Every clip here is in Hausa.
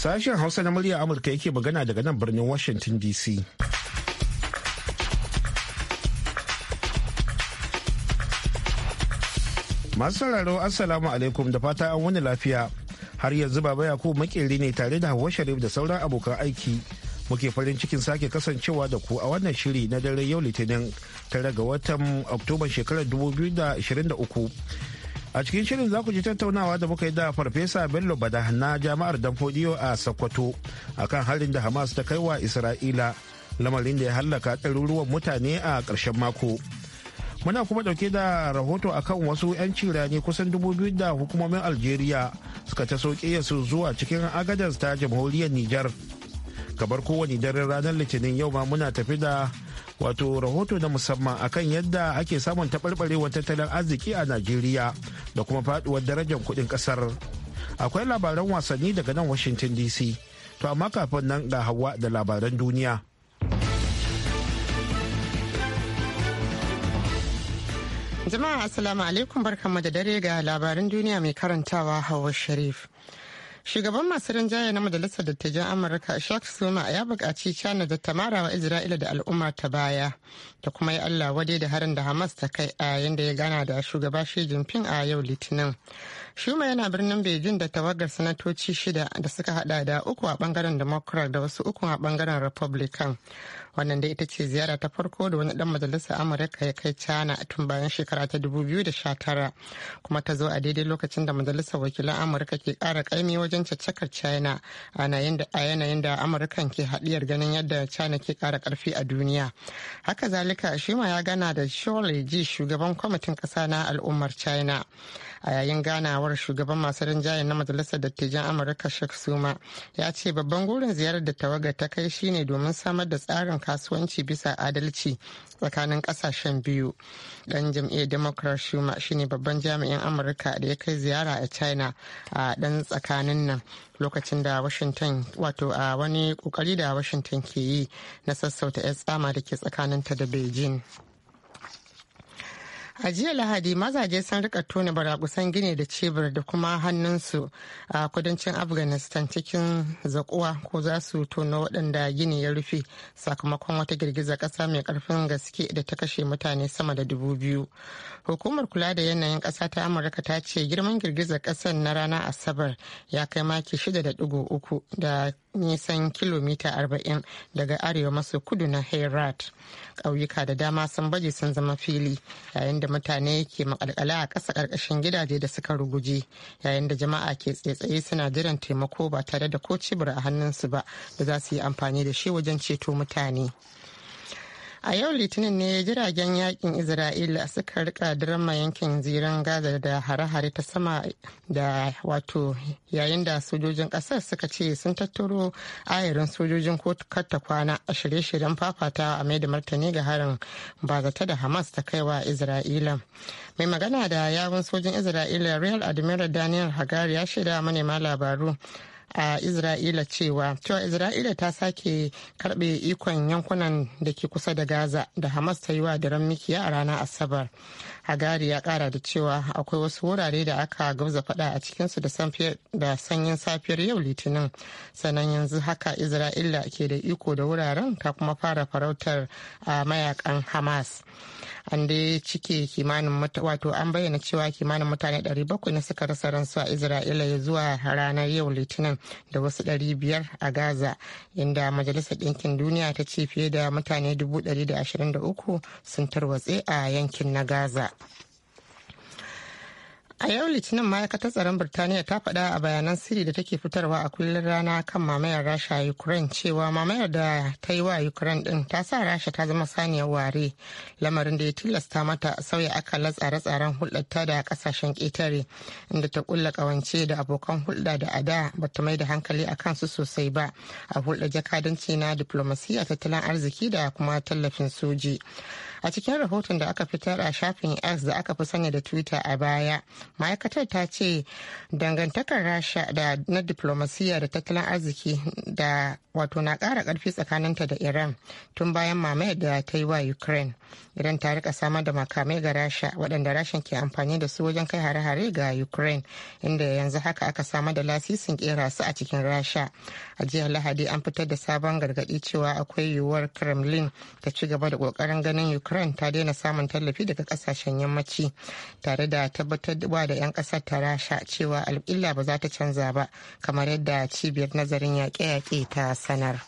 Sashen Hausa na murya Amurka yake magana daga nan birnin Washington DC. Masu sauraro Assalamu alaikum da fata an wani lafiya. Har yanzu Baba Yakubu makeri ne tare da Hauwa Sharif da sauran abokan aiki. Muke farin cikin sake kasancewa da ku a wannan shiri na dare yau Litinin tare ga watan Oktoba shekarar 2023. a cikin shirin za ku ji tattaunawa da muka yi da farfesa bello bada na jami'ar danfodiyo a sokoto akan harin da hamas ta kai wa isra'ila lamarin da ya hallaka ɗaruruwan mutane a ƙarshen mako muna kuma ɗauke da rahoto akan wasu 'yan rani kusan dubu biyu da hukumomin algeria suka ta sauke su zuwa cikin agadas ta jamhuriyar nijar kamar kowane daren ranar litinin yau ma muna tafi da wato rahoto na musamman akan yadda ake samun taɓarɓarewar tattalin arziki a najeriya da kuma faɗuwar darajar kuɗin ƙasar akwai labaran wasanni daga nan washington dc to amma kafin nan ga hawa da labaran duniya jama'a assalamu alaikum barkanmu da dare ga labaran duniya mai karantawa hawa sharif shugaban masu rinjaye na majalisar dattijan amurka shak suma ya bukaci china da ta marawa isra'ila da al'umma ta baya ta kuma yi allah wadai da harin da hamas ta kai a yadda ya gana da shugaba shi jinping a yau litinin shuma yana birnin beijing da tawagar sanatoci shida da suka hada da uku a bangaren democrat da wasu uku a bangaren republican wannan da ita ce ziyara ta farko da wani dan majalisar amurka ya kai china tun bayan shekara ta 2019 kuma ta zo a daidai lokacin da majalisar wakilan amurka ke kara kaimi wajen caccakar china a yanayin da amurkan ke haɗiyar ganin yadda china ke kara karfi a duniya haka zalika shi ya gana da shirley ji shugaban kwamitin ƙasa na al'ummar china a yayin ganawar shugaban masu rinjaye na majalisar dattijan amurka shek suma ya ce babban gurin ziyarar da tawagar ta kai shine domin samar da tsarin kasuwanci bisa adalci tsakanin kasashen biyu dan jam'iyyar democrat shuma shine babban jami'in amurka da ya kai ziyara a china a dan tsakanin nan lokacin da washington wato a wani kokari da washington ke yi na sassauta 'yan tsama da ke tsakaninta da beijing a jiya lahadi mazaje sun rika tona barakusan gini da cebur da kuma hannunsu a kudancin afghanistan cikin zakuwa ko za su tona waɗanda gini ya rufe sakamakon wata girgizar ƙasa mai ƙarfin gaske da ta kashe mutane sama da dubu biyu hukumar kula da yanayin ƙasa ta amurka ta ce girman girgizar ƙasar na rana asabar ya kai maki shida da uku da nisan kilomita arba'in daga arewa maso kudu na herat ƙauyuka da dama sun baje sun zama fili yayin da mutane ke makalkala a ƙasa ƙarƙashin gidaje da suka ruguje yayin da jama'a ke tsaye suna jiran taimako ba tare da ko cibir a hannunsu ba da za su yi amfani da shi wajen ceto mutane. a yau litinin ne jiragen yakin isra'ila suka rika darama yankin ziran gaza da hare-hare ta sama da wato yayin da sojojin kasar suka ce sun tattaro ayarin sojojin ta kwana a shirye-shiryen fafata a mai da martani ga harin bazata da hamas ta kaiwa isra'ila mai magana da yawon sojin isra'ila real admiral daniel hagari ya shaida manema labaru a isra'ila cewa cewa isra'ila ta sake karbe ikon yankunan da ke kusa da gaza da hamas ta yi wa daren mikiya a ranar asabar hagari ya kara da cewa akwai wasu wurare da aka gabza fada a cikinsu da sanyin safiyar yau litinin sannan yanzu haka isra'ila ke da iko da wuraren ta kuma fara farautar a mayakan hamas an dai cike kimanin wato an bayyana cewa kimanin mutane 700 ne suka rasa ransu a isra'ila ya zuwa ranar yau litinin da wasu 500 a gaza inda majalisar ɗinkin duniya ta ce fiye da mutane 123 sun tarwatse a yankin na gaza A yau Litinin ma'aikatar tsaron Birtaniya ta faɗa a bayanan sirri da take fitarwa a kullum rana kan mamayar Rasha a Ukraine cewa mamayar da ta yi wa Ukraine din ta sa Rasha ta zama saniyar ware lamarin da ya tilasta mata sauya akalar tsare-tsaren ta da kasashen ƙetare inda ta ƙulla ƙawance da abokan hulɗa da ada ba ta mai da hankali a kansu sosai ba a hulɗa jakadanci na diplomasiya tattalin arziki da kuma tallafin soji. a cikin rahoton da aka fitar a shafin x da aka fi sani da twitter a baya ma'aikatar ta ce dangantakar rasha da na diplomasiyya da tattalin arziki da wato na kara ƙarfi tsakaninta da iran tun bayan mamayar da ta yi wa ukraine iran ta rika samar da makamai ga rasha waɗanda rashin ke amfani da su wajen kai hare-hare ga ukraine inda yanzu haka aka samar da lasisin kera su a cikin rasha a jiya lahadi an fitar da sabon gargaɗi cewa akwai yiwuwar kremlin ta ci gaba da ƙoƙarin ganin ukraine ta daina samun tallafi daga ƙasashen yammaci tare da tabbatar adawa da 'yan kasar ta rasha cewa alƙilla ba za ta canza ba kamar yadda cibiyar nazarin yaƙe-yaƙe ta sanar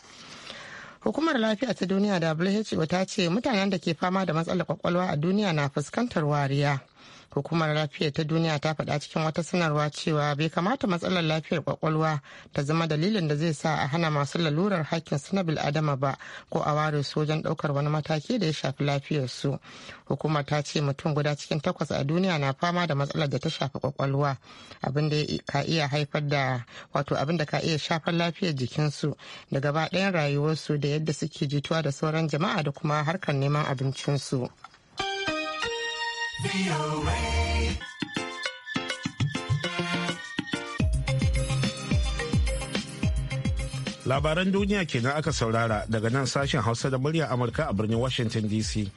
hukumar lafiya ta duniya who ta ce mutanen da ke fama da matsalar kwakwalwa a duniya na fuskantar wariya hukumar lafiya ta duniya ta faɗa cikin wata sanarwa cewa bai kamata matsalar lafiyar kwakwalwa ta zama dalilin da zai sa a hana masu lalurar hakkin su na bil'adama ba ko a ware su wajen ɗaukar wani mataki da ya shafi lafiyarsu hukumar ta ce mutum guda cikin takwas a duniya na fama da matsalar da ta shafi kwakwalwa abinda ka iya haifar da wato abin da ka iya shafar lafiyar jikinsu da gaba ɗayan rayuwarsu da yadda suke jituwa da sauran jama'a da kuma harkar neman abincinsu. Labaran duniya kenan aka saurara daga nan sashen Hausa da murya Amurka a birnin Washington DC.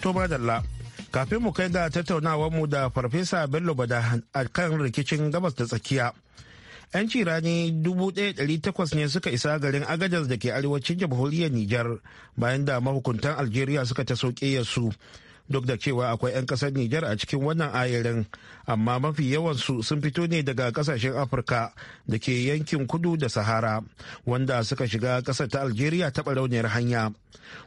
tobadalla kafin mu kai da tattaunawarmu da Farfesa Bello Bada a kan rikicin gabas da tsakiya. 'yan cirani 1,800 ne suka isa garin agadas da ke arewacin jamhuriyar nijar bayan da mahukuntan algeria suka ta sauke su duk da cewa akwai 'yan kasar Nijar a cikin wannan ayarin amma mafi yawan su sun fito ne daga kasashen Afirka da ke yankin kudu da Sahara wanda suka shiga kasar ta Algeria ta barauniyar hanya.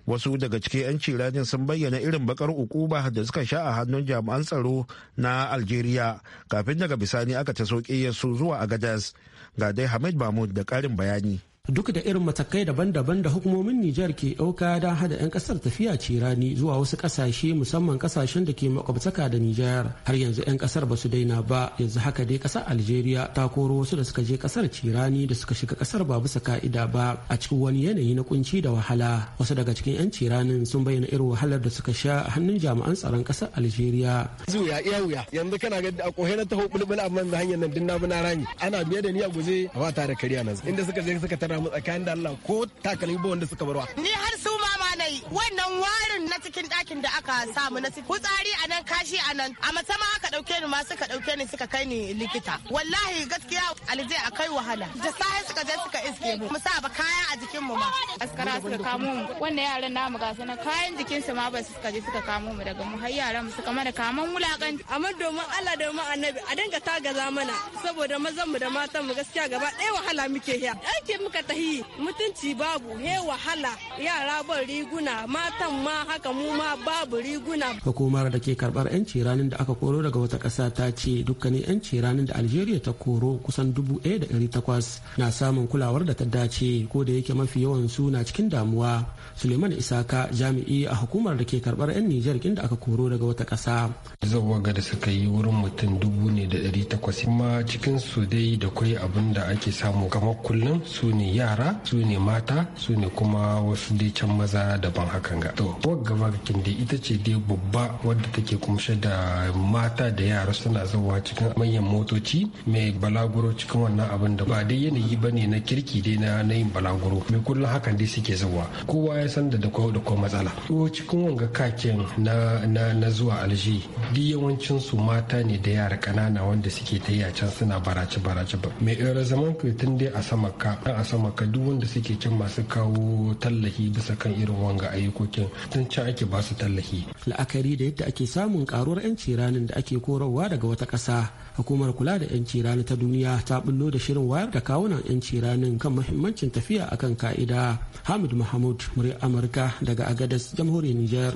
Wasu daga cikin 'yan ciranin sun bayyana irin bakar ukuba da suka sha a hannun jami'an tsaro na Algeria kafin daga bisani aka ta soke su zuwa Agadas. Ga dai Hamid Mahmud da ƙarin bayani. duk da irin matakai daban-daban da hukumomin Nijar ke ɗauka don hada 'yan kasar tafiya ce rani zuwa wasu kasashe musamman kasashen da ke makwabtaka da Nijar har yanzu 'yan kasar ba su daina ba yanzu haka dai kasar Algeria ta koro wasu da suka je ƙasar ce rani da suka shiga kasar ba bisa ka'ida ba a cikin wani yanayi na kunci da wahala wasu daga cikin 'yan ce ranin sun bayyana irin wahalar da suka sha a hannun jami'an tsaron kasar Algeria. Zuya iya wuya yanzu kana ga a kohe na taho bulbul amma hanyar nan din na rani ana biya da ni a guje a ba tare kariya na inda suka je suka tara samu tsakanin da ko takalmi ba wanda suka barwa. Ni har su ma na yi wannan warin na cikin ɗakin da aka samu na fitsari a nan kashi a nan a mace aka ɗauke ni ma suka ɗauke ni suka kai ni likita wallahi gaskiya alije a kai wahala da sahi suka je suka iske mu sa ba kaya a jikin mu ma askara suka kamo mu wannan yaran namu ga na. kayan jikin su ma ba su suka je suka kamo mu daga mu har yaran mu suka mana kaman wulakan amma domin Allah mu annabi a dinga tagaza mana saboda mazan mu da matan mu gaskiya gaba ɗaya wahala muke ya aiki muka tahi mutunci babu he wahala yara ban riguna matan ma haka mu ma babu riguna. Hukumar da ke karɓar 'yanci ranar da aka koro daga wata ƙasa ta ce dukkanin 'yanci ranar da Algeria ta koro kusan dubu ɗaya da ɗari takwas na samun kulawar da ta dace ko da yake mafi yawan su na cikin damuwa. Suleiman Isaka jami'i a hukumar da ke karɓar 'yan Nijar kin da aka koro daga wata ƙasa. Zawaga da suka yi wurin mutum dubu ne da ɗari takwas kuma cikin su dai da kwai abin da ake samu kamar kullum su ne yara su ne mata su ne kuma wasu dai can maza na daban hakan ga to wagga bakin da ita ce dai babba wadda take kumshe da mata da yara suna zawa cikin manyan motoci mai balaguro cikin wannan abin da ba dai yanayi ba ne na kirki dai na yin balaguro mai kullum hakan dai suke zawa kowa ya san da da kwau da matsala to cikin wanga kakin na na na zuwa alji duk yawancin su mata ne da yara kanana wanda suke ta yi can suna barace barace ba mai ɗora zaman tun dai a samaka a samaka duk wanda suke can masu kawo tallafi bisa kan irin wanga ayyukokin tun can ake ba su tallafi. La'akari da yadda ake samun karuwar 'yanci ranar da ake korowa daga wata ƙasa hukumar kula da 'yanci rani ta duniya ta bullo da shirin wayar da kawunan 'yanci ranar kan mahimmancin tafiya akan ka'ida. Hamid Mahmud murya Amurka daga Agadas jamhuriyar Nijar.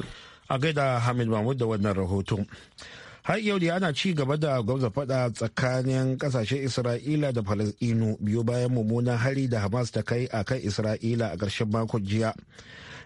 A gaida Hamid Mahmud da wannan rahoton. har yau da ana ci gaba da gwamza fada tsakanin kasashen isra'ila da falasdino biyu bayan mummunan hari da hamas ta kai a kan isra'ila a ƙarshen makon jiya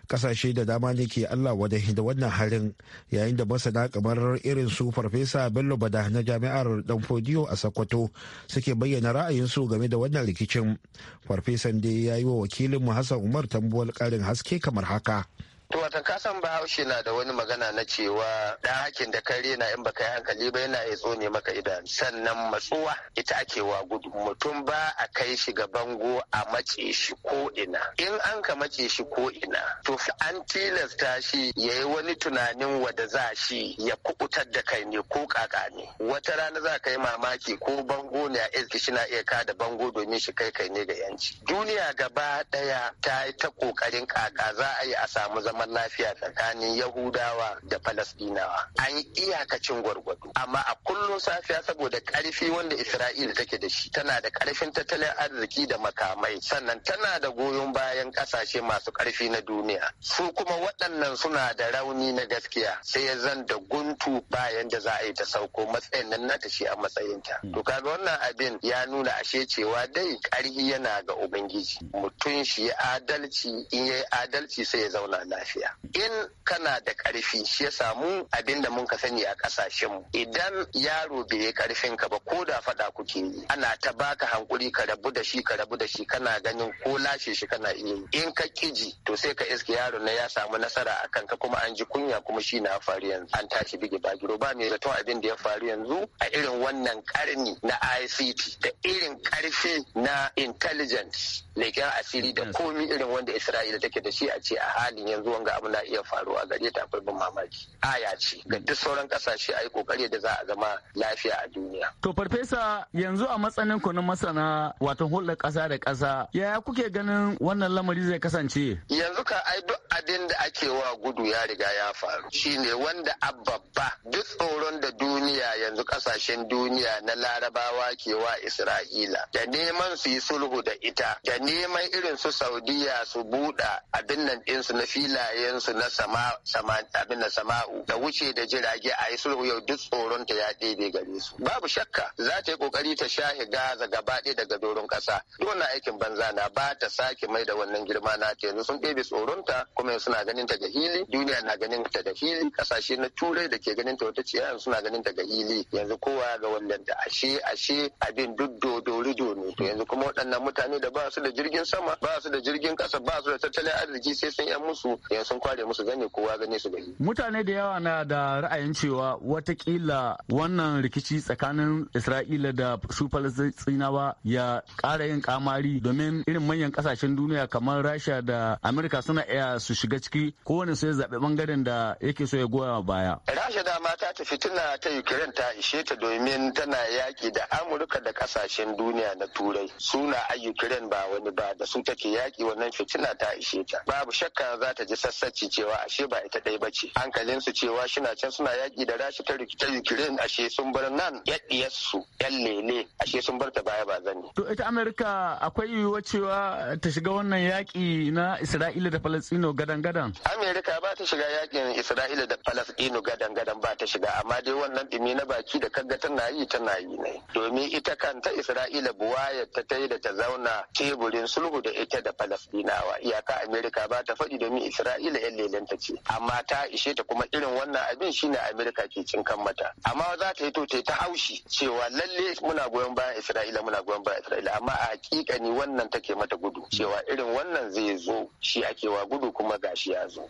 kasashe da dama ne ke allah wada da wannan harin yayin da masana kamar irin su farfesa bello bada na jami'ar danfodiyo a sokoto suke bayyana ra'ayinsu game da wannan rikicin farfesan da ya yi wa wakilin mu hassan umar tambuwal karin haske kamar haka To watan kasan bahaushe na da wani magana na cewa da hakin da kare na in baka yi hankali ba yana ya tsone maka idan sannan matsuwa ita ake wa gudu mutum ba a kai shi ga bango a mace shi ko ina in an ka mace shi ko ina to an tilasta shi ya yi wani tunanin wada za shi ya kubutar da kai ne ko kaka ne wata rana za ka yi mamaki ko bango ne a iski shi na iya kada bango domin shi kai kai ne ga yanci duniya gaba daya ta yi ta kokarin kaka za a yi a samu zama zaman lafiya tsakanin yahudawa da falasdinawa an yi iyakacin gwargwado amma a kullum safiya saboda karfi wanda isra'ila take da shi tana da karfin tattalin arziki da makamai sannan tana da goyon bayan kasashe masu karfi na duniya su kuma waɗannan suna da rauni na gaskiya sai ya zan da guntu bayan da za a yi ta sauko matsayin nan nata shi a matsayin ta. Hmm. to kaga wannan abin ya nuna ashe cewa dai karhi yana ga ubangiji mutum shi ya adalci in ya adalci sai ya zauna lafiya lafiya in kana da karfi shi ya samu abin da mun ka sani a kasashen mu idan yaro bai yi karfin ka ba ko da faɗa kuke yi ana ta baka hankuri ka rabu da shi ka rabu da shi kana ganin ko lashe shi kana iya yi in ka kiji to sai ka iske yaro na ya samu nasara a kanka kuma an ji kunya kuma shi na faru yanzu an tashi bige bagiro ba mai zaton abin da ya faru yanzu a irin wannan karni na ICT da irin karfi na intelligence leken asiri da komi irin wanda Isra'ila take da shi a ce a halin yanzu ga abu na iya faruwa gare ta akwai ban mamaki aya ce ga duk sauran kasashe a yi kokari da za a zama lafiya a duniya to farfesa yanzu a matsanin ku na masana wato hulɗa ƙasa da ƙasa yaya kuke ganin wannan lamari zai kasance yanzu ka ai duk abin da ake wa gudu ya riga ya faru shine wanda ababba duk tsoron da duniya yanzu kasashen duniya na larabawa ke wa isra'ila da neman su yi sulhu da ita da neman irin su saudiya su buɗa abin nan ɗinsu na fila iyayensu na sama sama abin da sama'u da wuce da jirage a yi sulhu yau duk tsoron ta ya ɗebe gare su babu shakka za ta yi kokari ta shahi gaza gaba ɗaya daga doron ƙasa dole aikin banza na ba ta sake mai da wannan girma na ta yanzu sun ɗebe tsoron ta kuma suna ganin ta ga hili duniya na ganin ta da hili ƙasashe na turai da ke ganin ta wata ciyayin suna ganin ta ga hili yanzu kowa ga wannan da ashe ashe abin duk dodori ne to yanzu kuma waɗannan mutane da ba su da jirgin sama ba su da jirgin ƙasa ba su da tattalin arziki sai sun yan musu kenan sun kware musu gani kowa gane su gani. Mutane da yawa na da ra'ayin cewa watakila wannan rikici tsakanin Isra'ila da su Falastinawa ya ƙara yin kamari domin irin manyan ƙasashen duniya kamar Rasha da Amerika suna iya su shiga ciki kowane su ya zaɓi bangaren da yake so ya goya baya. Rasha dama ta ta fitina ta Ukraine ta ishe ta domin tana yaƙi da Amurka da ƙasashen duniya na Turai. Suna a Ukraine ba wani ba da su take yaƙi wannan fitina ta ishe ta. Babu shakka za ta ji sassaci cewa ashe ba ita ɗaya ba ce hankalin su cewa shina can suna yaƙi da rashi ta rikita ukraine ashe sun bar nan yaɗiyar su yan lele ashe sun bar ta baya ba zan to ita amerika akwai yiwuwa cewa ta shiga wannan yaƙi na isra'ila da Falasɗinu gadan-gadan. amerika ba ta shiga yaƙin isra'ila da falastino gadan-gadan ba ta shiga amma dai wannan ɗumi na baki da kaga tana yi tana yi ne domin ita kanta isra'ila buwaya ta ta da ta zauna teburin sulhu da ita da Falasɗinawa iyaka amerika ba ta faɗi domin isra'ila isra'ila yan ta ce amma ta ishe ta kuma irin wannan abin shine amerika ke cin kan mata amma za ta yi to ta haushi cewa lalle muna goyon bayan isra'ila muna goyon bayan isra'ila amma a hakika ni wannan take mata gudu cewa irin wannan zai zo shi ake wa gudu kuma ga shi ya zo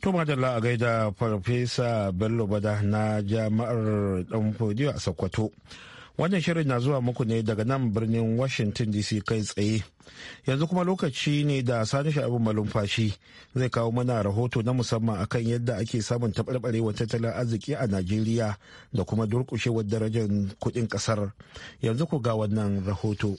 to madalla a gaida farfesa bello bada na jami'ar dan a sokoto Wannan shirin na zuwa muku ne daga nan birnin Washington DC kai tsaye. Yanzu kuma lokaci ne da sani sha'abin malumfashi zai kawo mana rahoto na musamman akan yadda ake samun taɓarɓarewar tattalin arziki a Najeriya da kuma durƙushewar darajar kuɗin ƙasar. Yanzu ku ga wannan rahoto.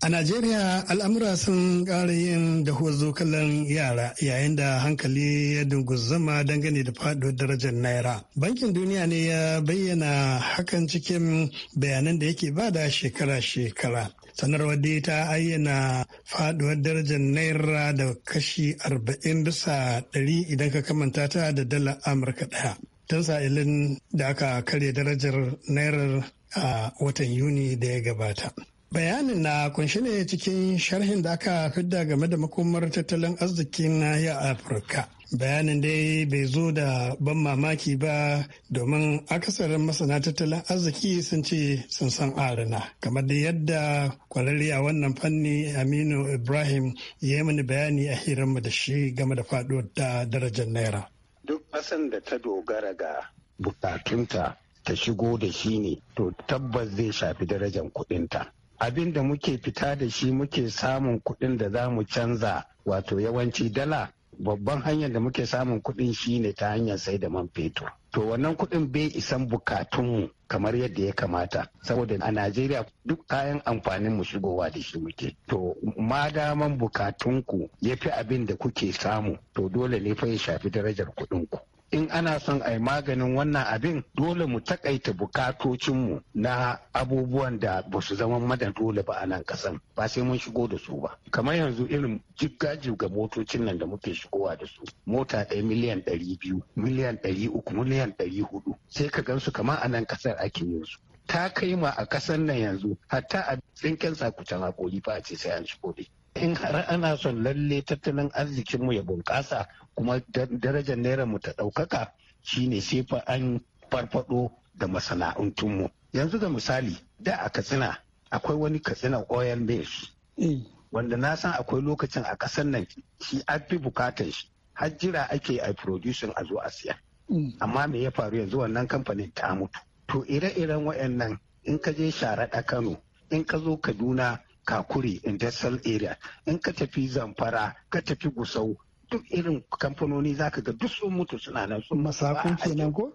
A Najeriya al'amura sun ƙara yin dahuwar zokalan yara yayin da hankali ya dunguzama dangane da faɗuwar darajar naira. Bankin duniya ne ya bayyana hakan cikin bayanan da yake bada shekara-shekara. Sanarwar dai ta ayyana faɗuwar darajar naira da kashi arba'in bisa ɗari idan ka kamanta ta da dala Amurka ɗaya. Tun sa'ilin da aka karya darajar naira a watan Yuni da ya gabata. Bayanin na kunshi ne cikin sharhin da aka fidda game da makomar tattalin arzikin nahiyar Afirka. Bayanin dai bai zo da ban mamaki ba domin akasarin masana tattalin arziki sun ce sun san arina Kamar da yadda kwararre a wannan fanni Aminu Ibrahim ya yi mini bayani a hirarmu da shi game da faɗuwar da darajar Naira. Duk ƙasan da ta dogara ga bukatunta ta shigo da shi ne to tabbas zai shafi darajar kuɗinta. abin da muke fita da shi muke samun kuɗin da za mu canza wato yawanci dala babban hanyar da muke samun kuɗin shi ne ta hanyar sai da man fetur to wannan kuɗin bai isan bukatunmu kamar yadda ya kamata saboda a najeriya duk kayan amfanin mu shigowa da shi muke to ma daman bukatunku ya fi abin da kuke samu to dole ne fa ya shafi darajar kuɗinku in ana son a yi maganin wannan abin dole mu takaita bukatocinmu na abubuwan da ba su zama mada dole ba a nan kasan ba sai mun shigo da su ba kamar yanzu irin jibga ga motocin nan da muke shigowa da su mota ɗaya miliyan ɗari biyu miliyan ɗari uku miliyan ɗari hudu sai ka gansu kamar a nan kasar ake yin su ta kai ma a kasan nan yanzu hatta a tsinken sakutan hakori ba a ce sai an shigo da in har ana son lalle tattalin arzikinmu ya bunƙasa kuma darajar naira mu ta ɗaukaka shine sai fa an farfado da masana'antunmu yanzu ga misali da a katsina akwai wani katsina oil mills eh. wanda na san akwai lokacin a ƙasar nan shi an fi bukatar shi har jira ake a producing a zo a siya mm. amma me ya faru yanzu wannan kamfanin ta mutu to ire-iren wayannan in ka je sharaɗa kano in ka zo kaduna kakuri industrial area in ka tafi zamfara ka tafi gusau duk irin kamfanoni za ka ga duk sun mutu suna nan sun masaku kenan ko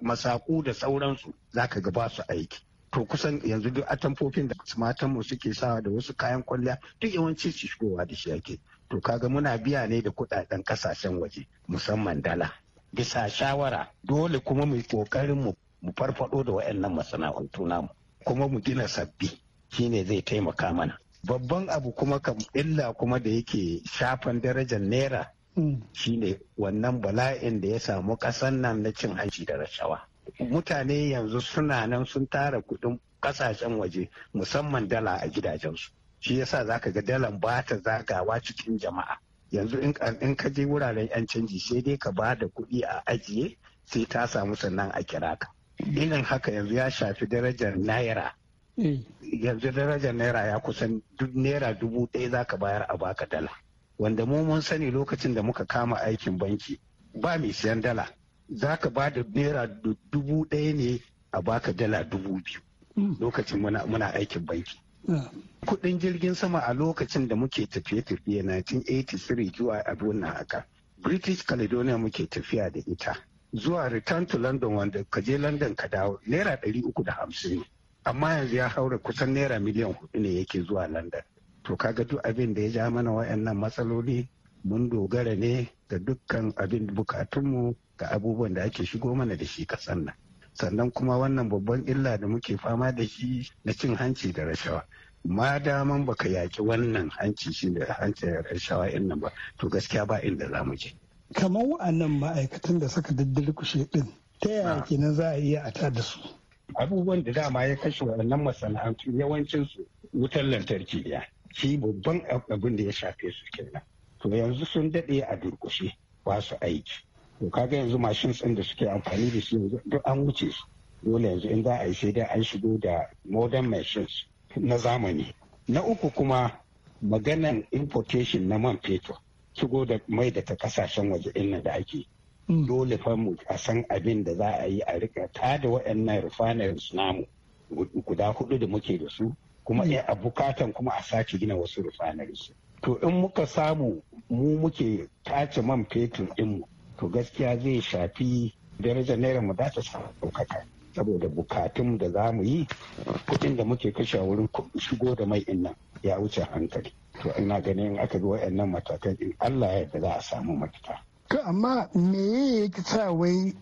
masaku da sauransu za ka ga ba su aiki to kusan yanzu duk atamfofin da matan mu suke sawa da wasu kayan kwalliya duk yawanci su shigowa da shi ake to kaga muna biya ne da kudaden kasashen waje musamman dala bisa shawara dole kuma mu kokarin mu mu farfado da wayannan masana'antu namu kuma mu gina sabbi shine zai taimaka mana babban abu kuma kam illa kuma da yake shafan darajar naira hmm. shine wannan bala'in da ya samu kasan nan na cin hanci da rashawa mutane yanzu suna nan sun tara kudin ƙasashen waje musamman dala a gidajensu shi yasa ka ga dalan ba ta zagawa cikin jama'a yanzu in ka je wuraren 'yan canji sai dai ka ba da kuɗi a ajiye sai ta samu sannan a kira ka hmm. irin haka yanzu ya shafi darajar naira Eh. yanzu darajar naira ya kusan naira dubu ɗaya za ka bayar a baka dala wanda mu mun sani lokacin da muka kama aikin banki ba mai siyan dala za ka ba da naira dubu ɗaya ne a baka dala dubu biyu hmm. lokacin muna aikin banki ah. kudin jirgin sama a lokacin da muke tafiye-tafiye 1983 zuwa abuna haka british caledonia muke tafiya da ita zuwa return to london wanda ka je london ka dawo naira 350 ne amma yanzu ya haura kusan naira miliyan hudu ne yake zuwa london to kaga duk abin da ya ja mana wayannan matsaloli mun dogara ne ga dukkan abin bukatunmu ga abubuwan da ake shigo mana da shi kasan nan sannan kuma wannan babban illa da muke fama da shi na cin hanci da rashawa ma daman baka yaki wannan hanci shi da hanci rashawa in nan ba to gaskiya ba inda za mu je kamar wa'annan ma'aikatan da suka daddalkushe din ta yaya ah. kenan za a iya a da su abubuwan da dama ya kashe waɗannan masana'antu yawancin su wutar lantarki ne shi babban abin da ya shafe su kenan to yanzu sun daɗe a durkushe ba su aiki to kaga yanzu mashin tsin da suke amfani da shi yanzu duk an wuce su dole yanzu in za a yi sai dai an shigo da modern machines na zamani na uku kuma maganan importation na man fetur shigo da mai da ta kasashen waje inna da ake dole fa mu a san abin da za a yi a rika ta da waɗannan refineries namu guda hudu da muke da su kuma mm. eh, a bukatan kuma a sake gina wasu refineries to in muka samu mu muke tace man fetur dinmu to gaskiya zai shafi darajar naira mu za ta samu ɗaukaka saboda bukatun da za mu yi kuɗin da muke kashe wurin shigo da mai nan ya wuce hankali to ina ganin aka bi waɗannan matakan in Allah ya da za a samu mafita To amma me ya sa wai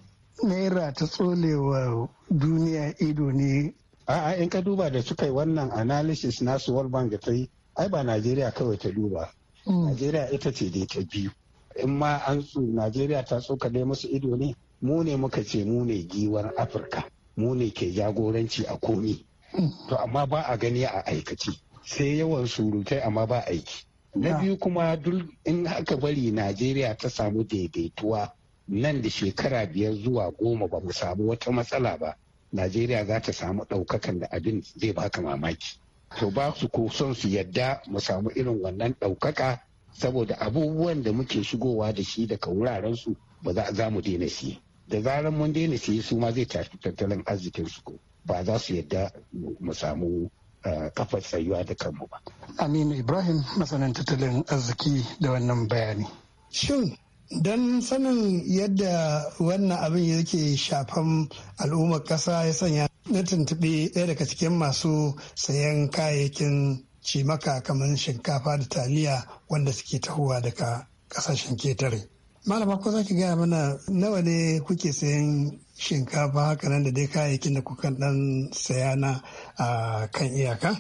naira ta tsolewa duniya ido ne? A'a in ka duba da suka yi wannan analysis nasu World Bank ta yi, ai ba Najeriya kawai ta duba. Hmm. Najeriya ita ce dai ta biyu. In ma an su Najeriya ta tsokale musu ido ne, mu ne muka ce mu ne giwar Afirka, mu ne ke jagoranci a komi. Hmm. To amma ba a gani a aikace, sai yawan surutai amma ba aiki. na ah. biyu kuma duk in aka bari najeriya ta samu daidaituwa nan da shekara biyar zuwa goma ba mu samu wata matsala ba najeriya za ta samu ɗaukakan da abin zai baka mamaki to ba su ko son su yadda mu samu irin wannan ɗaukaka saboda abubuwan da muke shigowa da shi daga wuraren su ba za mu daina shi da zarar mun daina shi su ma zai tafi tattalin arzikin su ba za su yadda mu samu kafar sayuwa da kanmu ba. Aminu Ibrahim masanin tattalin arziki da wannan bayani. Shin don sanin yadda wannan abin yake shafan al'ummar ƙasa ya sanya na tuntuɓi ɗaya daga cikin masu sayan kayayyakin cimaka kamar shinkafa da taliya wanda suke tahowa daga ƙasashen ketare. Malama ko za ki gaya mana nawa ne kuke sayan shinkafa haka nan da dai kayayyakin da kuka dan saya na kan iyaka?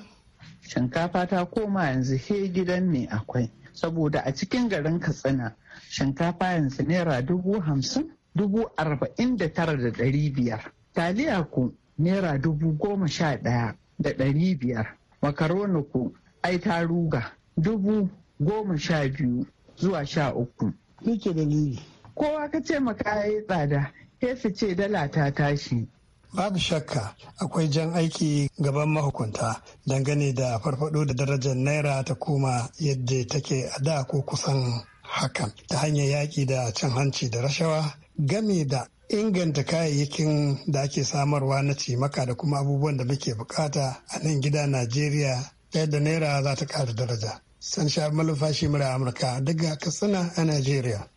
Shinkafa ta koma yanzu he gidan ne akwai. Saboda a cikin garin Katsina shinkafa yanzu naira dubu hamsin dubu arba'in da tara da ɗari biyar. Taliya ku naira dubu goma sha ɗaya da ɗari biyar. Makaroni ku ai ta ruga dubu goma sha biyu zuwa sha uku. Nike dalili. Kowa ka ce maka tsada sai ce dala ta tashi babu shakka akwai jan aiki gaban mahukunta dangane da farfado da darajar naira ta koma yadda take a da ko kusan hakan ta hanyar yaƙi da cin hanci da rashawa game da inganta kayayyakin da ake samarwa na cimaka da kuma abubuwan da muke bukata a nan gida najeriya yadda naira za ta ƙara daraja sansha sha malufashi mura amurka daga katsina a najeriya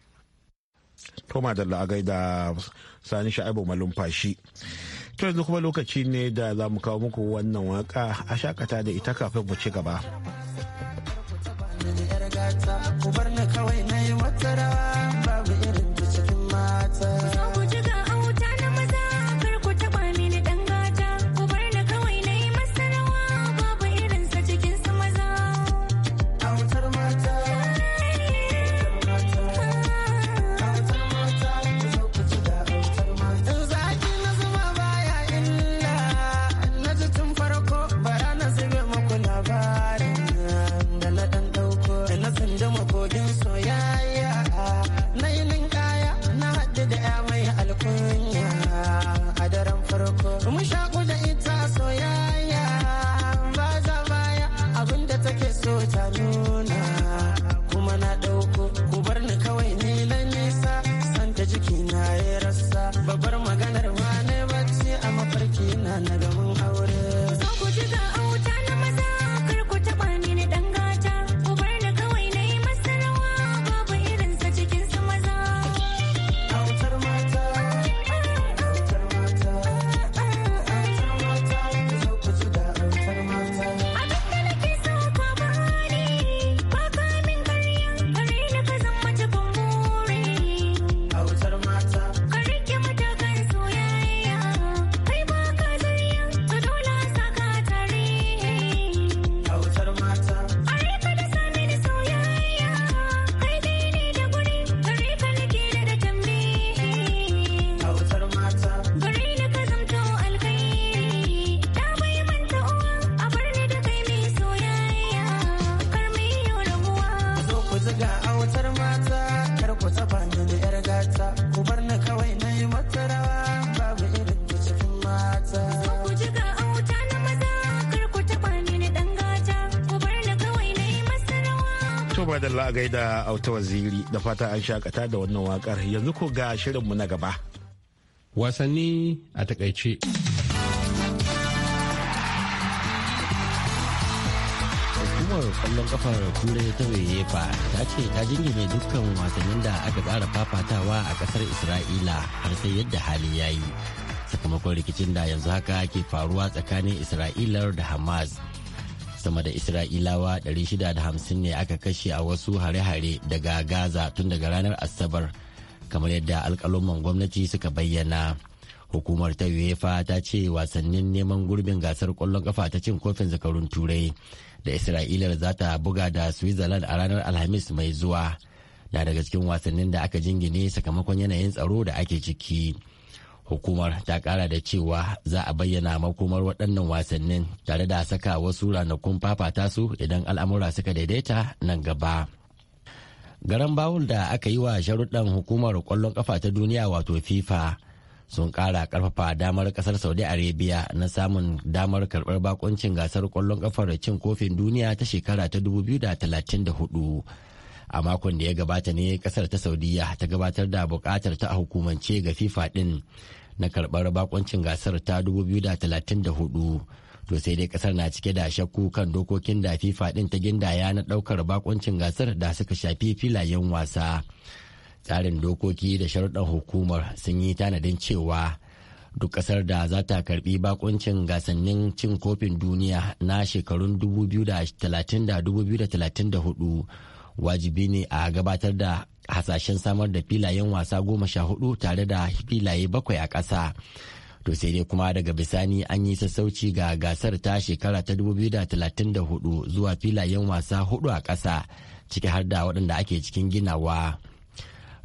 Toma da la'agai da sani sha'ibu malumfashi. To yanzu kuma lokaci ne da za mu kawo muku wannan waka a shakata da ita kafin mu ci gaba. kuma da la'agai da auta waziri da fata an shakata da wannan wakar yanzu ko ga shirinmu na gaba. Wasanni a takaice. hukumar kwallon kafar turai ta uefa ta ce ta jingine dukkan wasannin da aka tsara fafatawa a kasar isra'ila har sai yadda hali ya yi sakamakon rikicin da yanzu haka ke faruwa tsakanin isra'ilar da hamas sama da isra'ilawa 650 ne aka kashe a wasu hare-hare daga gaza tun daga ranar asabar kamar yadda alkaloman gwamnati suka bayyana hukumar ta uefa ta ce wasannin neman gurbin gasar kwallon kafa ta cin kofin zakarun turai da isra'ilar za ta buga da switzerland a ranar alhamis mai zuwa na daga cikin wasannin da aka jingine sakamakon yanayin tsaro da ake ciki. hukumar ta kara da cewa za a bayyana makomar waɗannan wasannin tare da saka wasu ranakun fafata su idan al'amura suka daidaita nan gaba garan bawul da aka yi wa sharuɗan hukumar ƙwallon ƙafa ta duniya wato fifa sun ƙara ƙarfafa damar ƙasar saudi arabia na samun damar karɓar bakuncin gasar ƙwallon ƙafar cin kofin duniya ta shekara ta 2034 a makon da ya gabata ne kasar ta saudiya ta gabatar da bukatar ta a hukumance ga fifa din na karbar bakoncin gasar ta 2034 to sai dai kasar na cike da shakku kan dokokin da fifa din ta gindaya na daukar bakoncin gasar da suka shafi filayen wasa tsarin dokoki da sharuɗan hukumar sun yi tanadin cewa duk kasar da za ta karbi bakuncin gasannin cin kofin duniya na shekarun 2030 2034 wajibi ne a gabatar da hasashen samar da filayen wasa goma sha hudu tare da filaye bakwai a ƙasa to sai dai kuma daga bisani an yi sassauci ga gasar ta shekara ta 2034 zuwa filayen wasa hudu a ƙasa ciki har da waɗanda ake cikin ginawa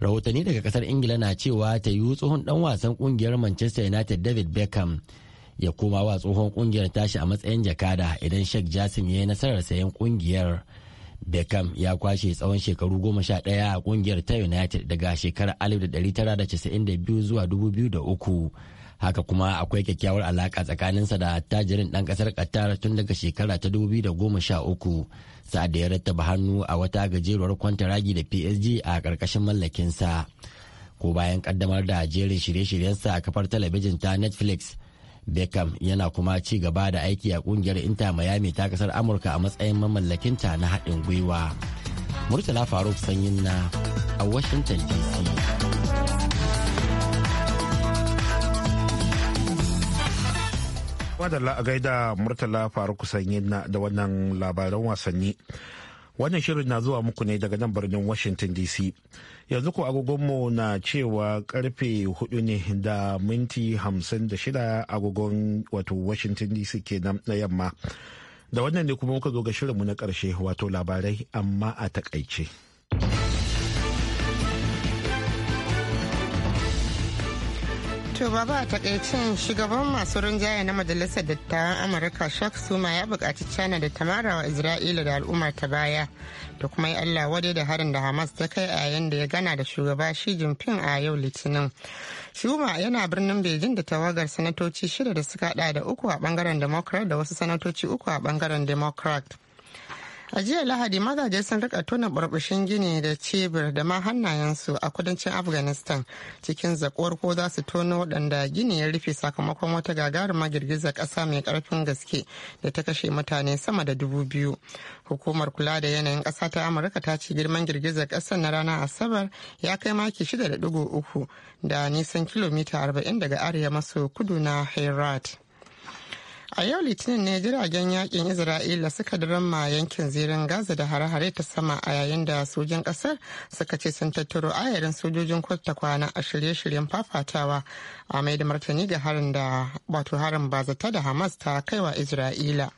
rahotanni daga ƙasar ingila na cewa ta yi tsohon ɗan wasan ƙungiyar manchester united david beckham ya koma wa tsohon ƙungiyar tashi a matsayin jakada idan sheikh jasim ya yi nasarar sayan ƙungiyar Beckham ya kwashe tsawon shekaru goma sha ɗaya a kungiyar ta United daga shekarar 1992 zuwa 2003. Haka kuma akwai kyakkyawar alaka tsakaninsa da tajirin ɗan ƙasar Qatar tun daga shekara ta 2013 sa'ad da ya rattaba hannu a wata gajeruwar kwantaragi da PSG a ƙarƙashin mallakinsa. Ko bayan ƙaddamar da jerin shirye-shiryensa a kafar talabijin ta Netflix Beckham yana kuma ci gaba da aiki a kungiyar Inter Miami ta kasar Amurka a matsayin mamallakinta na haɗin gwiwa. Murtala Faruk Sanyin na a Washington DC. Madalla a gaida Murtala Faruk Sanyin na da wannan labaran wasanni. Wannan shirin na zuwa muku ne daga nan birnin Washington DC. Yanzu ko agogonmu na cewa karfe hudu ne da minti hamsin da shida agogon wato Washington DC kenan na yamma. Da wannan ne kuma muka zo ga shirinmu na karshe wato labarai amma a takaice. To baba a takaicin shugaban masu rinjaye na majalisar dattawan Amurka Shak Suma ya bukaci China da ta marawa Isra'ila da al'ummar ta baya da kuma yi Allah wade da harin da Hamas ta kai a yayin da ya gana da shugaba Xi Jinping a yau Litinin. Suma yana birnin Beijing da tawagar sanatoci shida da suka hada da uku a bangaren Democrat da wasu sanatoci uku a bangaren Democrat. a jiya lahadi mazaje sun rika tona burbushin gini da cebir da ma hannayensu a kudancin afghanistan cikin zakuwar ko za su tono waɗanda gini ya rufe sakamakon wata gagarumar girgizar ƙasa mai ƙarfin gaske da ta kashe mutane sama da dubu biyu hukumar kula da yanayin ƙasa ta amurka ta ce girman girgizar ƙasar na ranar asabar ya kai maki shida da nisan kilomita arba'in daga arewa maso kudu na herat a yau litinin ne jiragen yakin isra'ila suka ma yankin zirin gaza da hare-hare ta sama a yayin da sojin kasar suka ce sun tattaro ayarin sojojin kwata kwana a shirye-shiryen fafatawa a mai da martani ga harin da wato harin bazata da hamas ta kaiwa isra'ila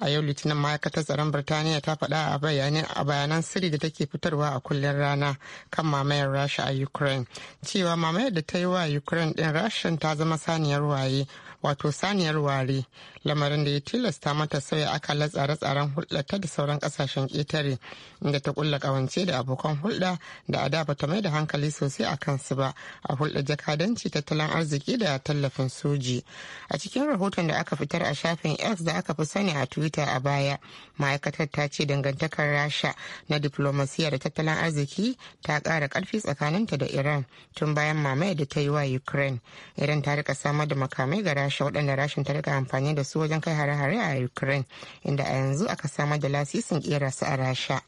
a yau litinin ma'aikatar tsaron birtaniya ta faɗa a bayanan sirri da take fitarwa a kullun rana kan mamayar rasha a ukraine cewa mamayar da ta yi wa ukraine ɗin rashin ta zama saniyar waye wato saniyar ware lamarin da ya tilasta mata sauya akalar tsare-tsaren hulɗarta da sauran ƙasashen ƙetare inda ta ƙulla ƙawance da abokan hulɗa da a da bata mai da hankali sosai a kansu ba a hulɗa jakadanci tattalin arziki da tallafin soji a cikin rahoton da aka fitar a shafin x da aka fi sani a twitter a baya ma'aikatar ta ce dangantakar rasha na diplomasiya da tattalin arziki ta ƙara ƙarfi tsakaninta da iran tun bayan mamaye da ta yi wa ukraine iran ta rika samar da makamai ga rasha rasha waɗanda rashin ta rika amfani da su wajen kai hare-hare a ukraine inda a yanzu aka samar da lasisin kera su a rasha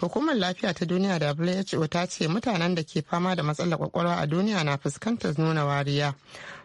hukumar lafiya ta duniya who ta ce mutanen da ke fama da matsalar kwakwalwa a duniya na fuskantar nuna wariya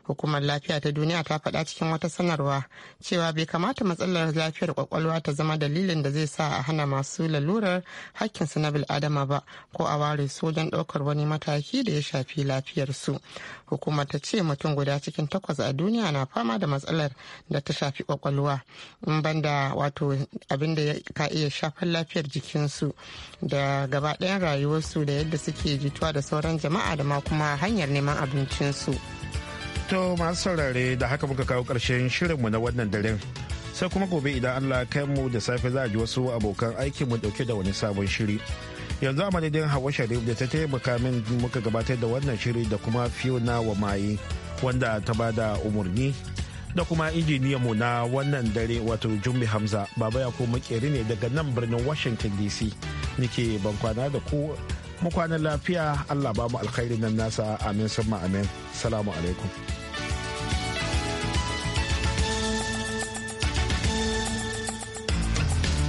hukumar lafiya ta duniya ta faɗa cikin wata sanarwa cewa bai kamata matsalar lafiyar kwakwalwa ta zama dalilin da zai sa a hana masu lalurar hakkinsu na bil'adama ba ko a ware su wajen ɗaukar wani mataki da ya shafi lafiyarsu hukumar ta ce mutum guda cikin takwas a duniya na fama da matsalar da ta shafi kwakwalwa in banda wato abin da ka iya shafar lafiyar jikinsu da gaba ɗayan rayuwarsu da yadda suke jituwa da sauran jama'a da ma kuma hanyar neman abincinsu. To masu saurare da haka muka kawo ƙarshen shirinmu na wannan daren. Sai kuma gobe idan Allah kai mu da safe za a ji wasu abokan aikin mu dauke da wani sabon shiri. Yanzu a madadin Hawa Sharif da ta taimaka min muka gabatar da wannan shiri da kuma Fiona wa maye wanda ta ba da umarni da kuma mu na wannan dare wato Jumbi Hamza Baba ya ko Makeri ne daga nan birnin Washington DC. Nike bankwana da ku mu kwanan lafiya Allah ba mu alkhairi nan nasa amin summa amin salamu alaikum